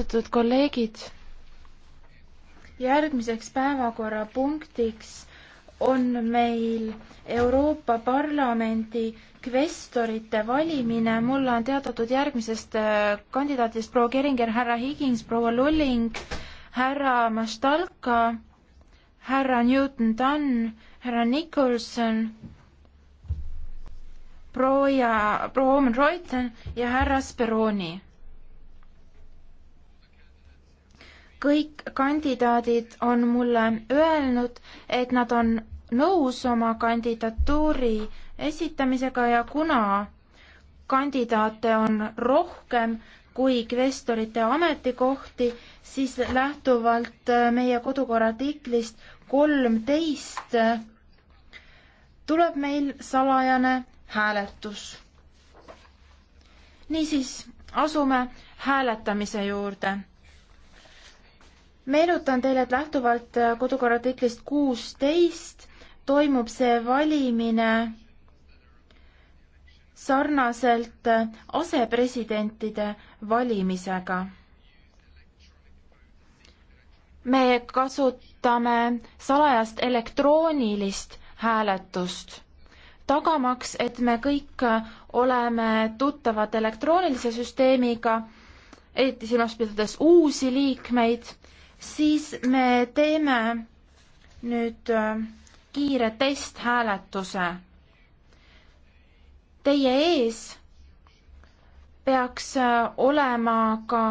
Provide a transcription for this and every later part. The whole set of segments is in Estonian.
austatud kolleegid, järgmiseks päevakorrapunktiks on meil Euroopa Parlamendi kvestorite valimine. mulle on teatatud järgmisest äh, kandidaatidest proua Keringer, härra Higins, proua Lulling, härra Maštalka, härra Newton-Dunn, härra Nicholson, proua, proua Omen Reuten ja härra Speroni kõik kandidaadid on mulle öelnud, et nad on nõus oma kandidatuuri esitamisega ja kuna kandidaate on rohkem kui kvestorite ametikohti, siis lähtuvalt äh, meie kodukorra artiklist kolmteist äh, tuleb meil salajane hääletus. niisiis, asume hääletamise juurde meenutan teile, et lähtuvalt äh, kodukorra artiklist kuusteist toimub see valimine sarnaselt äh, asepresidentide valimisega. me kasutame salajast elektroonilist hääletust, tagamaks, et me kõik äh, oleme tuttavad elektroonilise süsteemiga, eriti silmas pidades uusi liikmeid siis me teeme nüüd äh, kiire testhääletuse. Teie ees peaks äh, olema ka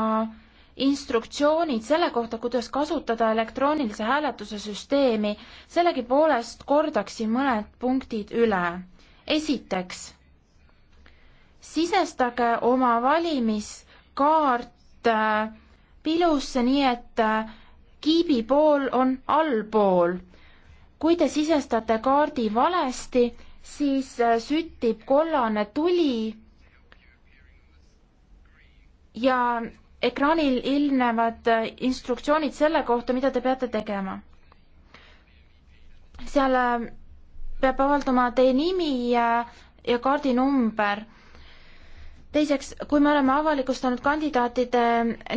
instruktsioonid selle kohta, kuidas kasutada elektroonilise hääletuse süsteemi. sellegipoolest kordaksin mõned punktid üle. esiteks, sisestage oma valimiskaart äh, ilus, nii et äh, kiibi pool on allpool. kui te sisestate kaardi valesti, siis äh, süttib kollane tuli ja ekraanil ilmnevad äh, instruktsioonid selle kohta, mida te peate tegema. seal peab avaldama teie nimi ja, ja kaardinumber teiseks, kui me oleme avalikustanud kandidaatide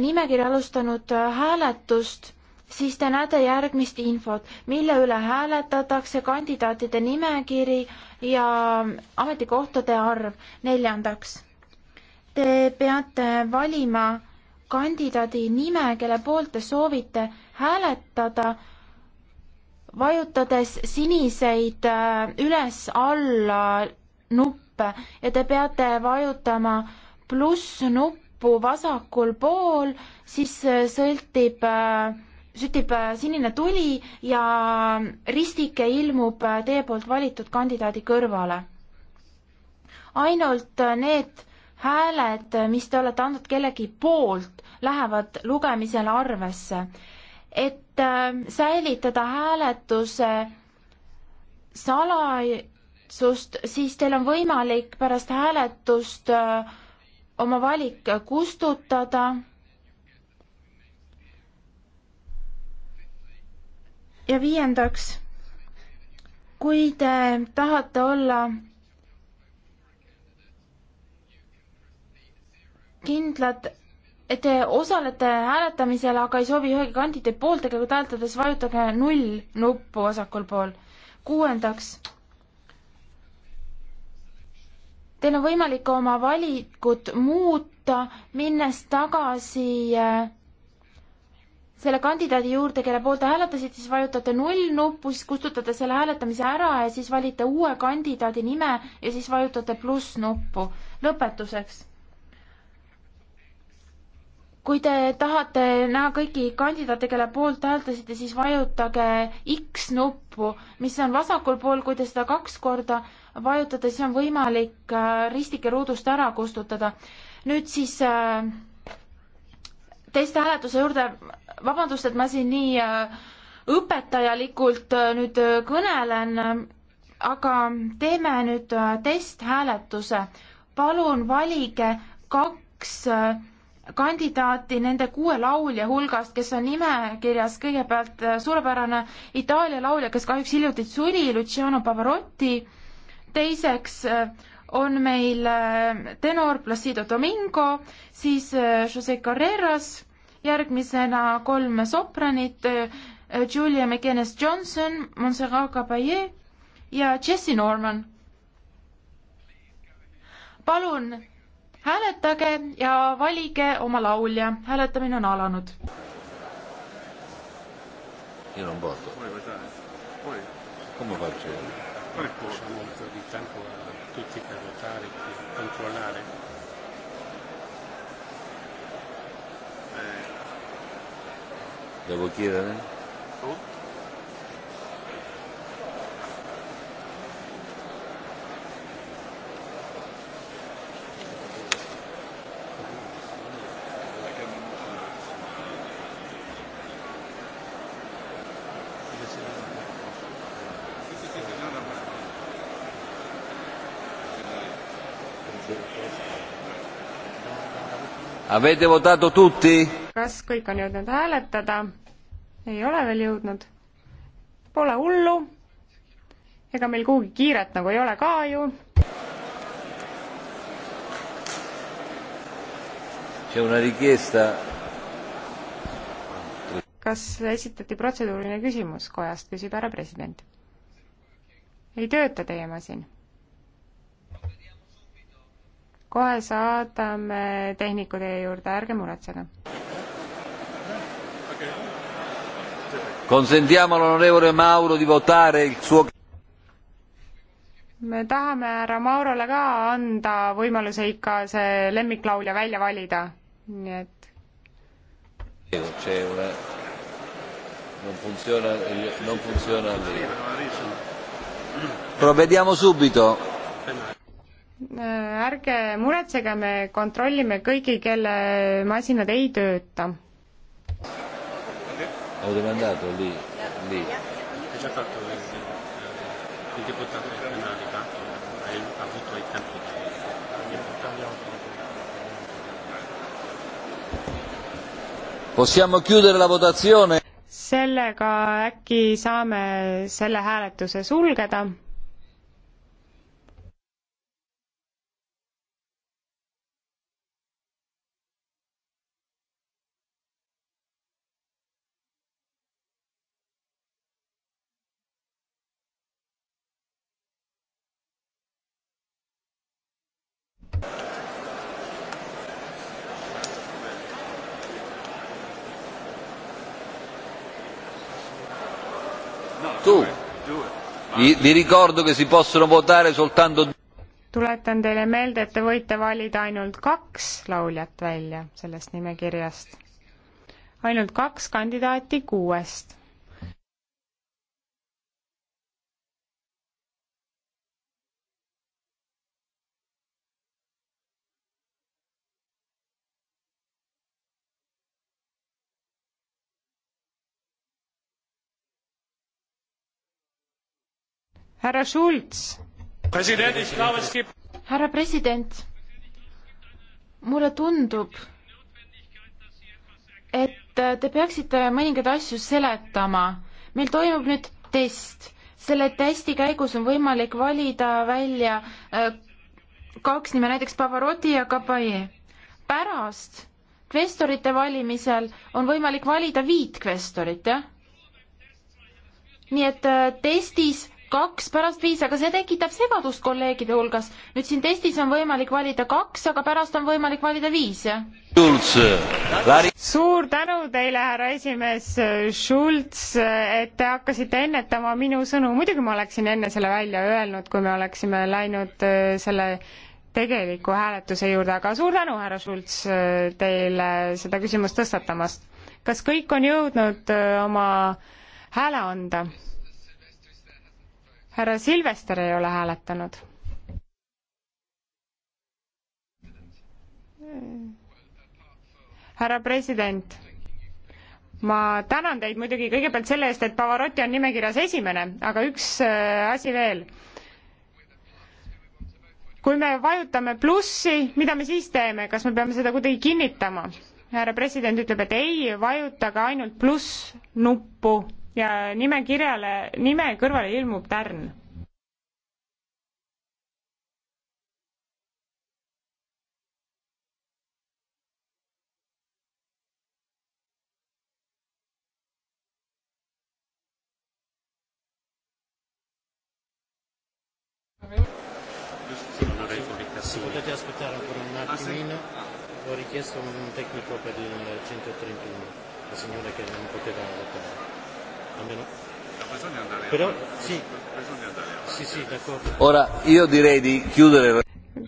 nimekirja, alustanud äh, hääletust, siis te näete järgmist infot, mille üle hääletatakse, kandidaatide nimekiri ja ametikohtade arv. neljandaks, te peate valima kandidaadi nime, kelle poolt te soovite hääletada, vajutades siniseid äh, üles-alla nuppe nuppe ja te peate vajutama pluss-nuppu vasakul pool, siis äh, sõltib, äh, sütib äh, sinine tuli ja ristike ilmub teie poolt valitud kandidaadi kõrvale. ainult need hääled, mis te olete andnud kellegi poolt, lähevad lugemisele arvesse. et säilitada hääletuse salaj-, hääletusest, siis teil on võimalik pärast hääletust äh, oma valik kustutada. ja viiendaks, kui te tahate olla kindlad, et te osalete hääletamisel, aga ei soovi ühegi kandidaadi poolt tegelikult hääletades, vajutage null nuppu vasakul pool. kuuendaks Teil on võimalik oma valikut muuta, minnes tagasi äh, selle kandidaadi juurde, kelle poolt te hääletasite, siis vajutate null nuppu, siis kustutate selle hääletamise ära ja siis valite uue kandidaadi nime ja siis vajutate pluss nuppu. lõpetuseks. kui te tahate näha kõiki kandidaate, kelle poolt hääletasite, siis vajutage X nuppu, mis on vasakul pool, kui te seda kaks korda vajutada, siis on võimalik äh, ristike ruudust ära kustutada. nüüd siis äh, teiste hääletuse juurde, vabandust, et ma siin nii äh, õpetajalikult nüüd kõnelen, aga teeme nüüd testhääletuse. palun valige kaks kandidaati nende kuue laulja hulgast, kes on nimekirjas kõigepealt suurepärane Itaalia laulja, kes kahjuks hiljuti suri, Luciano Pavarotti teiseks äh, on meil äh, tenor Placido Domingo, siis äh, Jose Carreras, järgmisena kolm sopranit, Julia McGuinness Johnson, Montserrat Caballé ja Jesse Norman. palun hääletage ja valige oma laulja, hääletamine on alanud. Io non voto. Come faccio io? tempo a tutti per votare, per controllare. Devo chiedere? Oh? Avete votato tutti? kas kõik on jõudnud hääletada? ei ole veel jõudnud. Pole hullu. ega meil kuhugi kiiret nagu ei ole ka ju. kas esitati protseduuriline küsimus kojast, küsib härra president. ei tööta teie masin kohe saadame tehniku teie juurde, ärge muretsege. Consentiamo all'onorevole Mauro di votare il suo me tahame härra Maurole ka anda võimaluse ikka see lemmiklaulja välja valida, nii et. Non funziona, non funziona lì. Provvediamo subito. Äh, ärge muretsege, me kontrollime kõigi, kelle masinad ei tööta. ho demandato lì, lì. Già fatto il, eh, eh, il deputato penale, eh, ha avuto i tempi Possiamo chiudere la votazione? sellega äkki saame selle hääletuse sulgeda. Tu. Vi ricordo che si possono votare soltanto tuletan teile meelde, et te võite valida ainult kaks lauljat välja sellest nimekirjast. ainult kaks kandidaati kuuest härra Schulz. härra president, mulle tundub, et te peaksite mõningaid asju seletama. meil toimub nüüd test. selle testi käigus on võimalik valida välja äh, kaks nime, näiteks Pavarotti ja Kabaye. pärast kvestorite valimisel on võimalik valida viit kvestorit, jah? nii et äh, testis kaks pärast viis, aga see tekitab segadust kolleegide hulgas. nüüd siin testis on võimalik valida kaks, aga pärast on võimalik valida viis. suur tänu teile, härra esimees Schulz, et te hakkasite ennetama minu sõnu. muidugi ma oleksin enne selle välja öelnud, kui me oleksime läinud äh, selle tegeliku hääletuse juurde, aga suur tänu, härra Schulz, äh, teile seda küsimust tõstatamast. kas kõik on jõudnud äh, oma hääle anda? härra Silvester ei ole hääletanud. härra president, ma tänan teid muidugi kõigepealt selle eest, et Pavarotti on nimekirjas esimene, aga üks äh, asi veel kui me vajutame plussi, mida me siis teeme, kas me peame seda kuidagi kinnitama? härra president ütleb, et ei, vajutage ainult pluss-nuppu ja nimekirjale, nime kõrvale ilmub tärn Potete aspettare ancora un attimino, ho richiesto un tecnico per il 131, la signora che non poteva votare almeno. Bisogna andare. Però sì. Bisogna andare. Sì, sì, d'accordo. Ora io direi di chiudere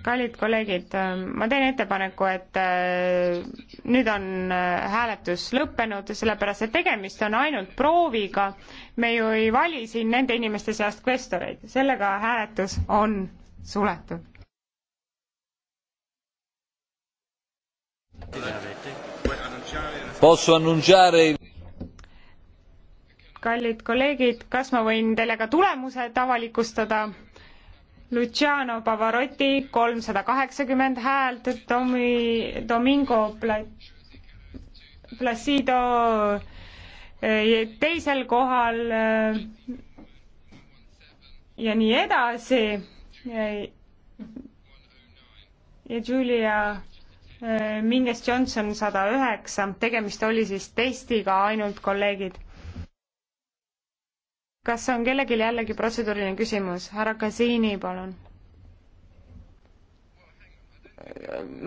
kallid kolleegid, ehm, ma teen ettepaneku, et ehm, nüüd on ehm, hääletus lõppenud, sellepärast et tegemist on ainult prooviga. me ju ei vali siin nende inimeste seast kvestoreid, sellega hääletus on suletud. Posso annunciare kallid kolleegid, kas ma võin teile ka tulemused avalikustada? Luciano Pavarotti kolmsada kaheksakümmend häält, Tomi, Domingo Pla-, Placido eh, teisel kohal eh, ja nii edasi. ja Julia eh, Minges Johnson sada üheksa, tegemist oli siis testiga ainult, kolleegid kas on kellelgi jällegi protseduuriline küsimus? härra Kasiini, palun.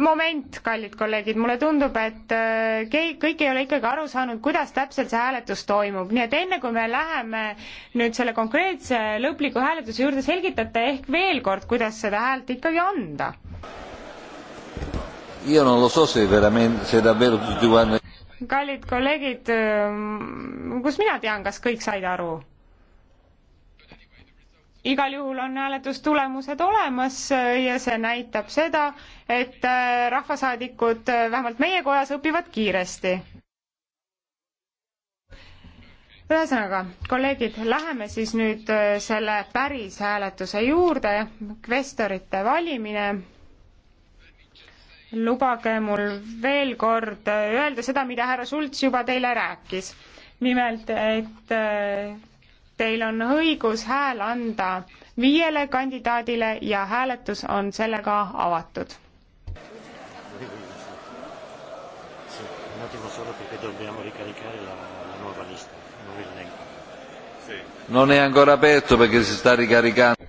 moment, kallid kolleegid, mulle tundub, et äh, keegi, kõik ei ole ikkagi aru saanud, kuidas täpselt see hääletus toimub, nii et enne kui me läheme nüüd selle konkreetse lõpliku hääletuse juurde, selgitate ehk veel kord, kuidas seda häält ikkagi anda? Io non lo so se veramente, se davvero tutti quanti kallid kolleegid, äh, kus mina tean, kas kõik said aru? igal juhul on hääletustulemused olemas ja see näitab seda, et äh, rahvasaadikud äh, vähemalt meie kojas õpivad kiiresti. ühesõnaga, kolleegid, läheme siis nüüd äh, selle päris hääletuse juurde, kvestorite valimine. lubage mul veel kord öelda seda, mida härra Schultz juba teile rääkis. nimelt, et Teil on õigus hääl anda viiele kandidaadile ja hääletus on sellega avatud. Un attimo solo perché dobbiamo ricaricare la, la nuova lista, non il elenco. Sì. Non è ancora aperto perché si sta ricaricando.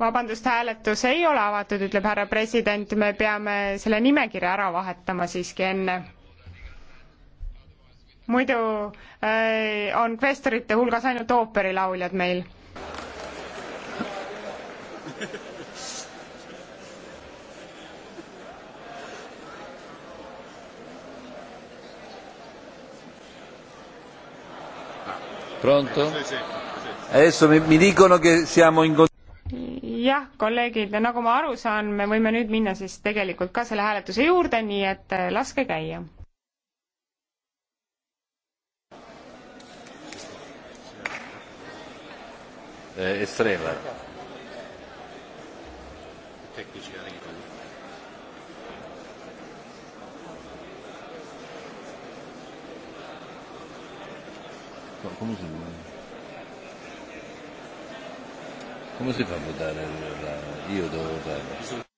vabandust, hääletus ei ole avatud, ütleb härra president, me peame selle nimekirja ära vahetama siiski enne muidu äh, on kvestorite hulgas ainult ooperilauljad meil. Pronto? Adesso mi, mi dicono che siamo in jah, kolleegid, nagu ma aru saan, me võime nüüd minna siis tegelikult ka selle hääletuse juurde, nii et äh, laske käia eh, estrema. I tecnici arrivano. No, come si, come si fa a votare? La... Io devo votare.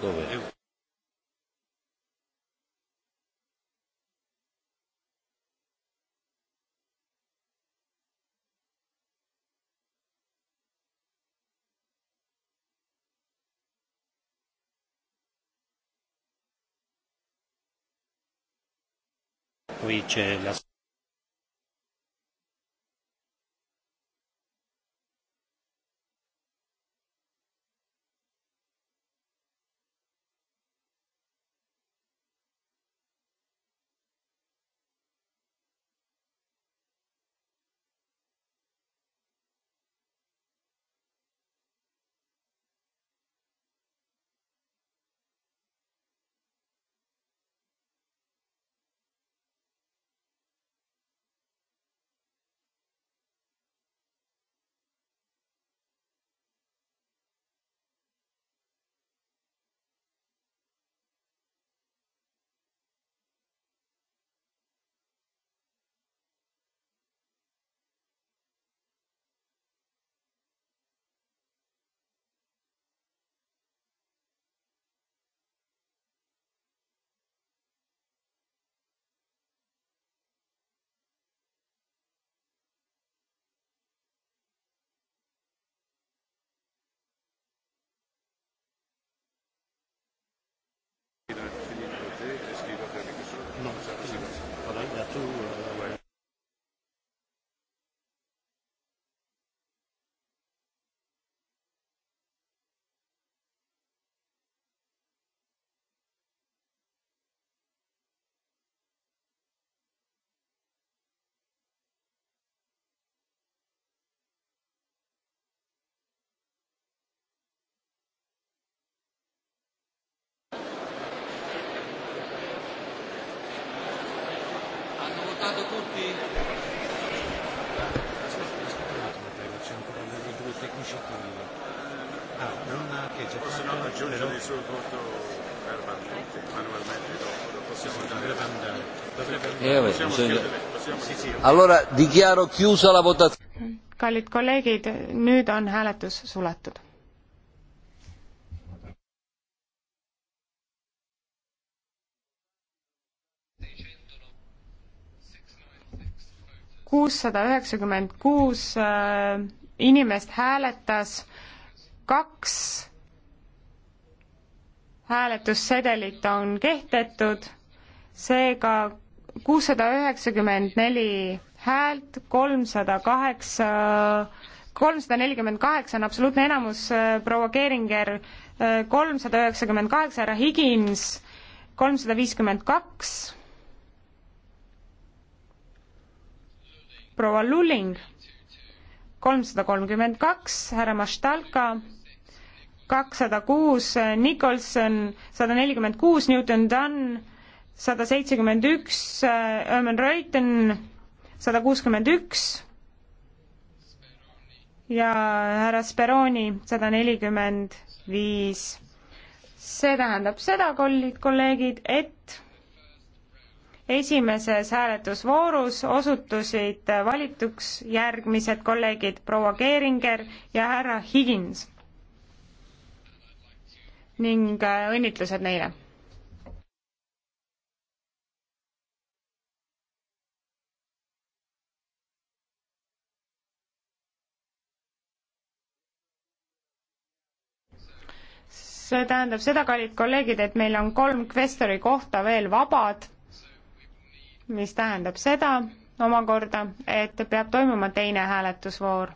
Dov'è? Qui c'è la mandato tutti? C'è ancora dei due tecnici qui. Ah, non ha che già Forse no, aggiungere il suo voto verbalmente, manualmente dopo, lo possiamo dovrebbe andare. Dovrebbe eh, andare. Eh, vabbè, possiamo bisogna... chiudere, possiamo sì, sì. Allora dichiaro chiusa la votazione. Kallid kolleegid, nüüd on hääletus suletud kuussada üheksakümmend kuus äh, inimest hääletas, kaks hääletussedelit on kehtetud, seega kuussada üheksakümmend neli häält, kolmsada kaheksa, kolmsada nelikümmend kaheksa on absoluutne enamus, äh, proua Keringer äh, kolmsada üheksakümmend kaheksa, härra Higins kolmsada viiskümmend kaks, proua Lulling, kolmsada kolmkümmend kaks, härra Maštalka, kakssada kuus, Nicholson, sada nelikümmend kuus, Newton Dunn, sada seitsekümmend üks, Erman Reuten, sada kuuskümmend üks ja härra Speroni sada nelikümmend viis. see tähendab seda, kollid, kolleegid, et esimeses hääletusvoorus osutusid valituks järgmised kolleegid proua Keeringer ja härra Higins. ning äh, õnnitlused neile. see tähendab seda, kallid kolleegid, et meil on kolm kvestori kohta veel vabad mis tähendab seda omakorda, et peab toimuma teine hääletusvoor.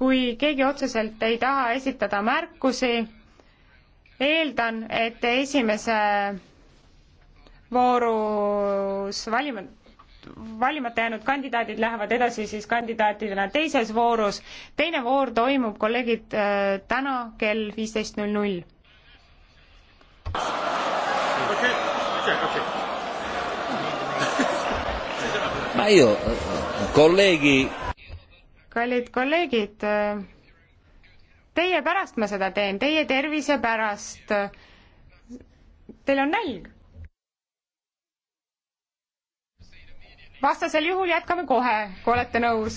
kui keegi otseselt ei taha esitada märkusi, eeldan, et esimese voorus valima, valimata jäänud kandidaadid lähevad edasi siis kandidaatidena teises voorus. teine voor toimub, kolleegid, äh, täna kell viisteist null null. ma ju, kolleegi. Eh, eh, kallid kolleegid, eh, teie pärast ma seda teen, teie tervise pärast. Teil on nälg. vastasel juhul jätkame kohe, kui olete nõus.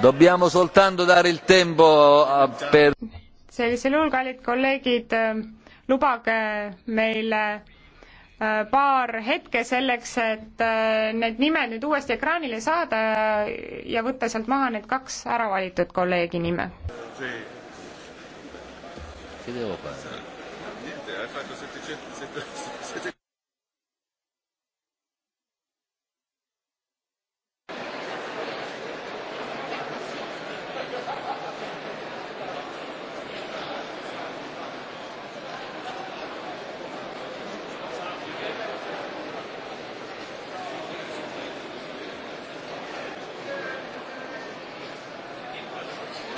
Dobbiamo soltanto dare il tempo per sellisel juhul, kallid kolleegid, lubage meile Äh, paar hetke selleks, et äh, need nimed nüüd uuesti ekraanile saada ja võtta sealt maha need kaks ära valitud kolleegi nime. video peale.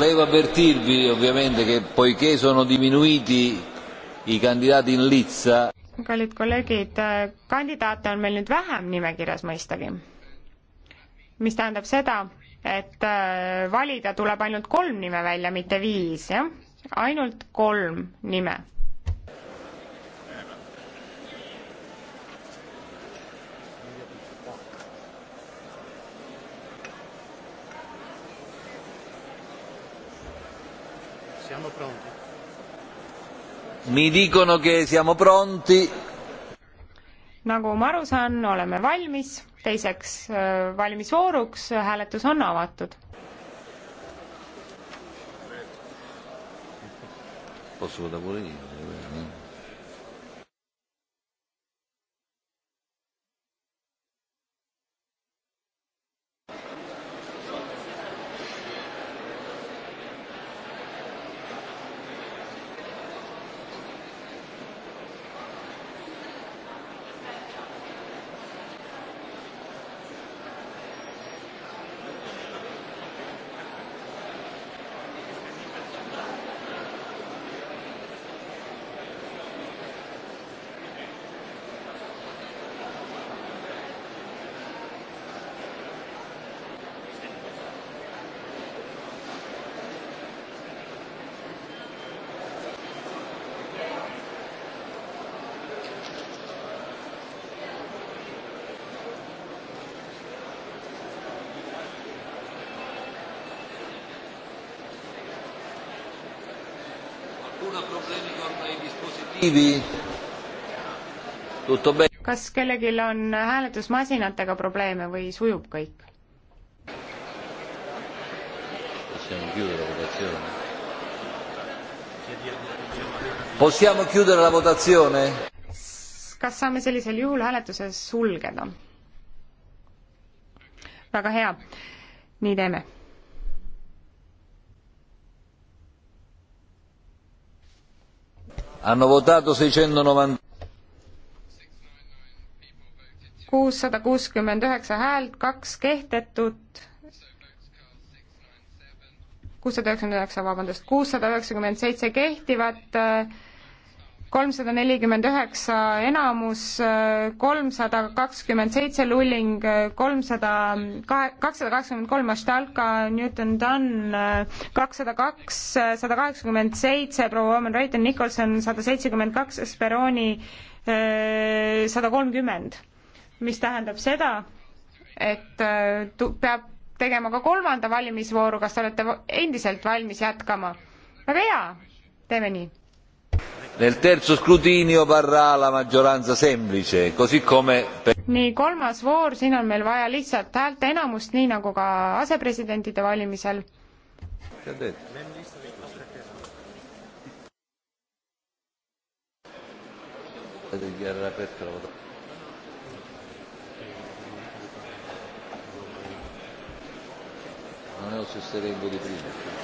Devo avvertirvi ovviamente che poiché sono diminuiti i candidati in lizza kallid kolleegid, kandidaate on meil nüüd vähem nimekirjas mõistagi. mis tähendab seda, et äh, valida tuleb ainult kolm nime välja, mitte viis, jah? ainult kolm nime Mi dicono che siamo pronti. nagu ma aru saan, oleme valmis, teiseks äh, valimisvooruks, hääletus on avatud. posso votare pure io? ancora problemi con i dispositivi? Tutto bene? kas kellelgi on hääletusmasinatega probleeme või sujub kõik? Possiamo chiudere la votazione? kas saame sellisel juhul hääletuse sulgeda? väga hea, nii teeme Hanno votato 690 kuussada kuuskümmend üheksa häält, kaks kehtetut, kuussada üheksakümmend üheksa, vabandust, kuussada üheksakümmend seitse kehtivat äh, kolmsada nelikümmend üheksa enamus, kolmsada kakskümmend seitse lulling, kolmsada kahe, kakssada kaheksakümmend kolm Maštalka, Newton Dunn, kakssada kaks, sada kaheksakümmend seitse proua Oman Reiten Nicholson, sada seitsekümmend kaks Speroni, sada kolmkümmend. mis tähendab seda, et peab tegema ka kolmanda valimisvooru, kas te olete endiselt valmis jätkama? väga hea, teeme nii Nel terzo scrutinio varrà la maggioranza semplice, così come per... nii, kolmas voor, siin on meil vaja lihtsalt häälteenamust, nii nagu ka asepresidentide valimisel. dichiarare aperta la votazione. Non è lo stesso elenco di prima.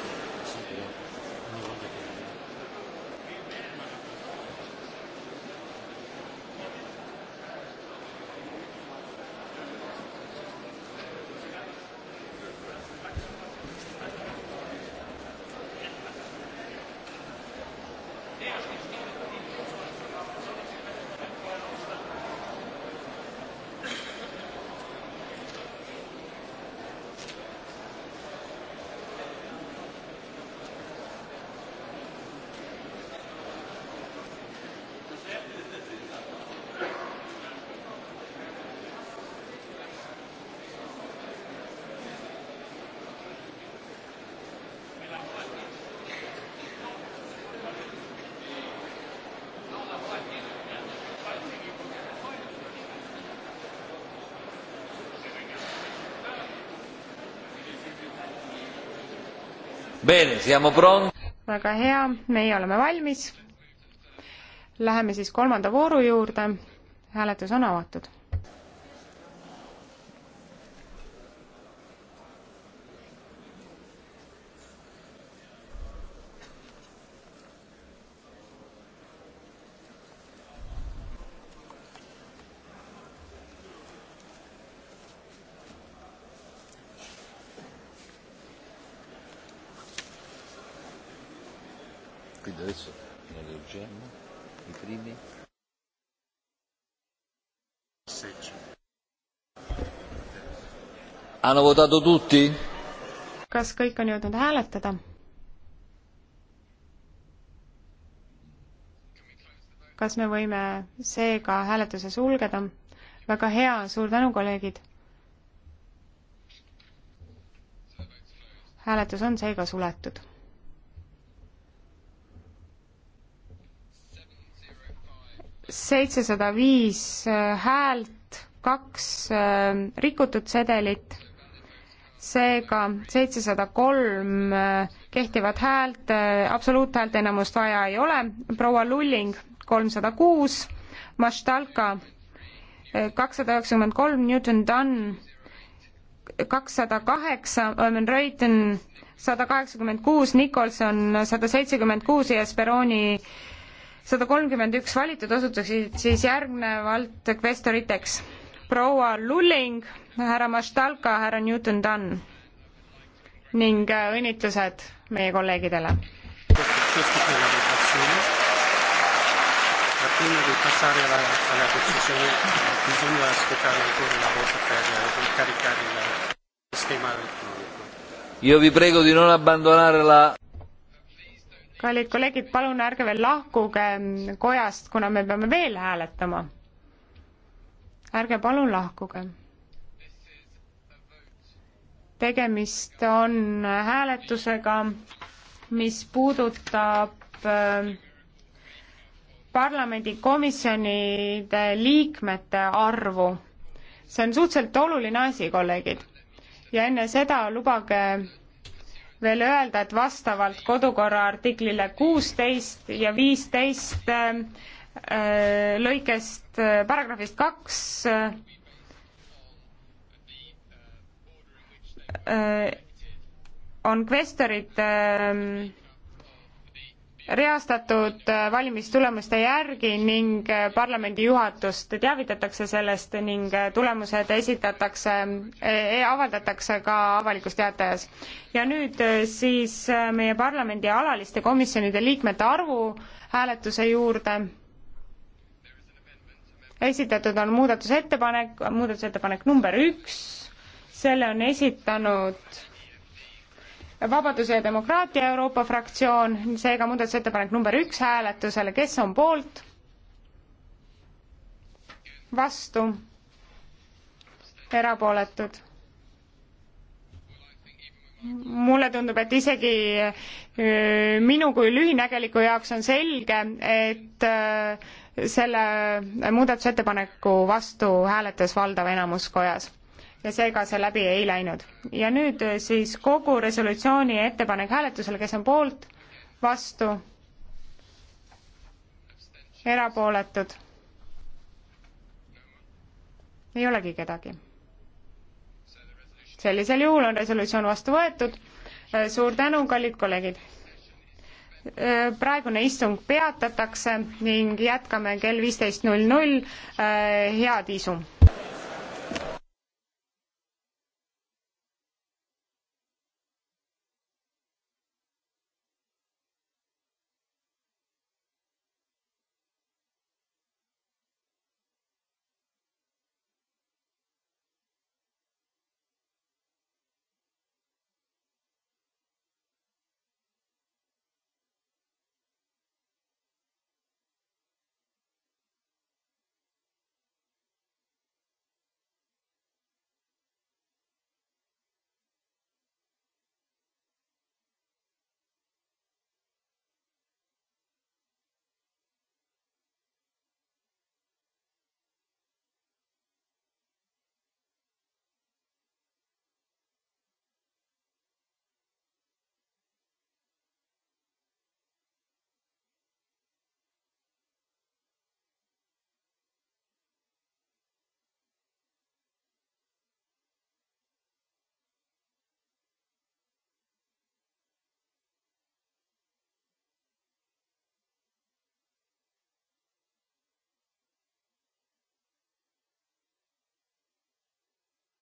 väga hea, meie oleme valmis. Läheme siis kolmanda vooru juurde. hääletus on avatud Hanno votato tutti? kas kõik on jõudnud hääletada? kas me võime seega hääletuse sulgeda? väga hea, suur tänu, kolleegid. hääletus on seega suletud. seitsesada viis häält, kaks äh, rikutud sedelit seega seitsesada kolm äh, kehtivat häält, äh, absoluuthäälte enamust vaja ei ole, proua Lulling kolmsada kuus, Maštalka äh, kakssada üheksakümmend kolm, Newton Dunn kakssada kaheksa, Omen Reuten sada kaheksakümmend kuus, Nicholson sada seitsekümmend kuus ja Speroni sada kolmkümmend üks valitud osutusid siis järgnevalt kvestoriteks. proua Lulling härra Maštalka, härra Newton-Dunn ning äh, õnnitlused meie kolleegidele. prima di passare alla, alla decisione bisogna aspettare ancora una volta per ricaricare il sistema elettronico. Io vi prego di non abbandonare la kallid kolleegid, palun ärge veel lahkuge ähm, kojast, kuna me peame veel hääletama. ärge palun lahkuge tegemist on hääletusega, mis puudutab ähm, parlamendikomisjonide liikmete arvu. see on suhteliselt oluline asi, kolleegid. ja enne seda lubage veel öelda, et vastavalt kodukorra artiklile kuusteist ja viisteist ähm, äh, lõikest, äh, paragrahvist kaks äh, Äh, on kvestorid ähm, reastatud äh, valimistulemuste järgi ning äh, parlamendi juhatust teavitatakse sellest ning tulemused esitatakse e, avaldatakse ka avalikus teatajas. ja nüüd siis meie parlamendi alaliste komisjonide liikmete arvu hääletuse juurde. esitatud on muudatusettepanek, muudatusettepanek number üks selle on esitanud Vabaduse ja demokraatia Euroopa fraktsioon, seega muudatusettepanek number üks hääletusele, kes on poolt? vastu? erapooletud? mulle tundub, et isegi äh, minu kui lühinägeliku jaoks on selge, et äh, selle muudatusettepaneku vastu hääletas valdav enamus kojas ja seega see läbi ei läinud. ja nüüd äh, siis kogu resolutsiooni ettepanek hääletusele, kes on poolt, vastu, erapooletud, ei olegi kedagi. sellisel juhul on resolutsioon vastu võetud, äh, suur tänu, kallid kolleegid! Äh, praegune istung peatatakse ning jätkame kell viisteist null null, head isu!